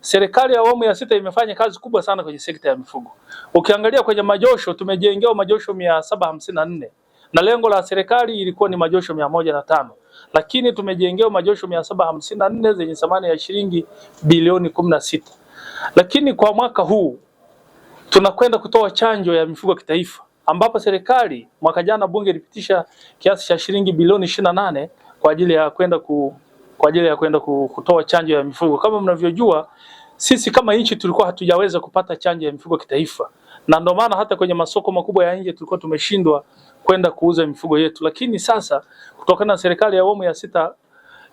Serikali ya awamu ya sita imefanya kazi kubwa sana kwenye sekta ya mifugo. Ukiangalia kwenye majosho tumejengewa majosho mia saba hamsini na nne na lengo la serikali ilikuwa ni majosho mia moja na tano lakini tumejengewa majosho mia saba hamsini na nne zenye thamani ya shilingi bilioni kumi na sita lakini kwa mwaka huu Tunakwenda kutoa chanjo ya mifugo kitaifa ambapo serikali mwaka jana bunge ilipitisha kiasi cha shilingi bilioni ishirini na nane kwa ajili ya kwenda ku, kwa ajili ya kwenda kutoa chanjo ya mifugo. Kama mnavyojua, sisi kama nchi tulikuwa hatujaweza kupata chanjo ya mifugo kitaifa, na ndio maana hata kwenye masoko makubwa ya nje tulikuwa tumeshindwa kwenda kuuza mifugo yetu, lakini sasa kutokana na serikali ya awamu ya sita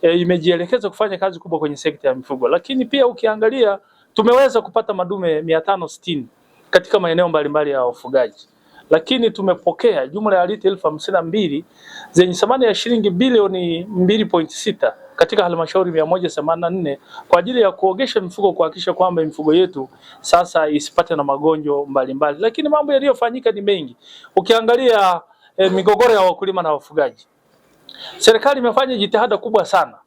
e, imejielekeza kufanya kazi kubwa kwenye sekta ya mifugo. Lakini pia ukiangalia tumeweza kupata madume mia tano sitini katika maeneo mbalimbali ya wafugaji, lakini tumepokea jumla ya lita elfu hamsini na mbili zenye thamani ya shilingi bilioni sita katika halmashauri mia moja themanini na nne kwa ajili ya kuogesha mifugo, kuhakikisha kwamba mifugo yetu sasa isipate na magonjwa mbalimbali. Lakini mambo yaliyofanyika ni mengi, ukiangalia e, migogoro ya wakulima na wafugaji, serikali imefanya jitihada kubwa sana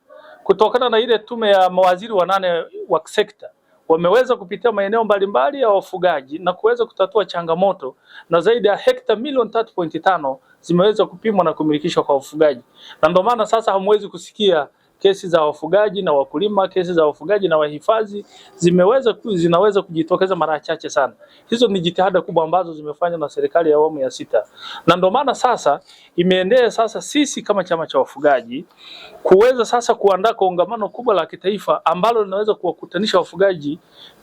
kutokana na ile tume ya mawaziri wanane wa sekta wameweza kupitia maeneo mbalimbali ya wafugaji na kuweza kutatua changamoto, na zaidi ya hekta milioni tano zimeweza kupimwa na kumilikishwa kwa wafugaji, na ndio maana sasa hamwezi kusikia kesi za wafugaji na wakulima, kesi za wafugaji na wahifadhi zimeweza zinaweza kujitokeza mara chache sana. Hizo ni jitihada kubwa ambazo zimefanywa na serikali ya awamu ya sita, na ndio maana sasa imeendea sasa sisi kama chama cha wafugaji kuweza sasa kuandaa kongamano kubwa la kitaifa ambalo linaweza kuwakutanisha wafugaji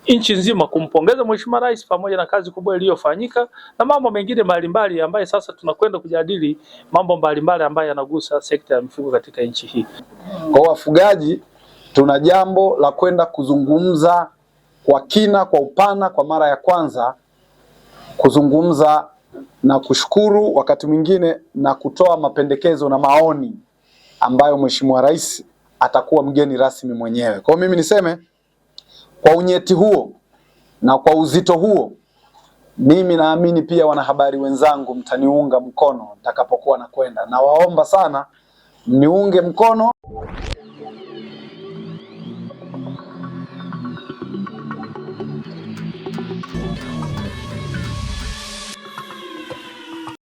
nchi nzima kumpongeza Mheshimiwa Rais pamoja na kazi kubwa iliyofanyika na mambo mengine mbalimbali ambayo sasa tunakwenda kujadili mambo mbalimbali ambayo yanagusa sekta ya mifugo katika nchi hii. Kwa wafugaji tuna jambo la kwenda kuzungumza kwa kina, kwa upana, kwa mara ya kwanza kuzungumza na kushukuru, wakati mwingine na kutoa mapendekezo na maoni ambayo Mheshimiwa Rais atakuwa mgeni rasmi mwenyewe. Kwa mimi niseme kwa unyeti huo na kwa uzito huo, mimi naamini pia wanahabari wenzangu mtaniunga mkono nitakapokuwa nakwenda, Nawaomba sana mniunge mkono. Thank you.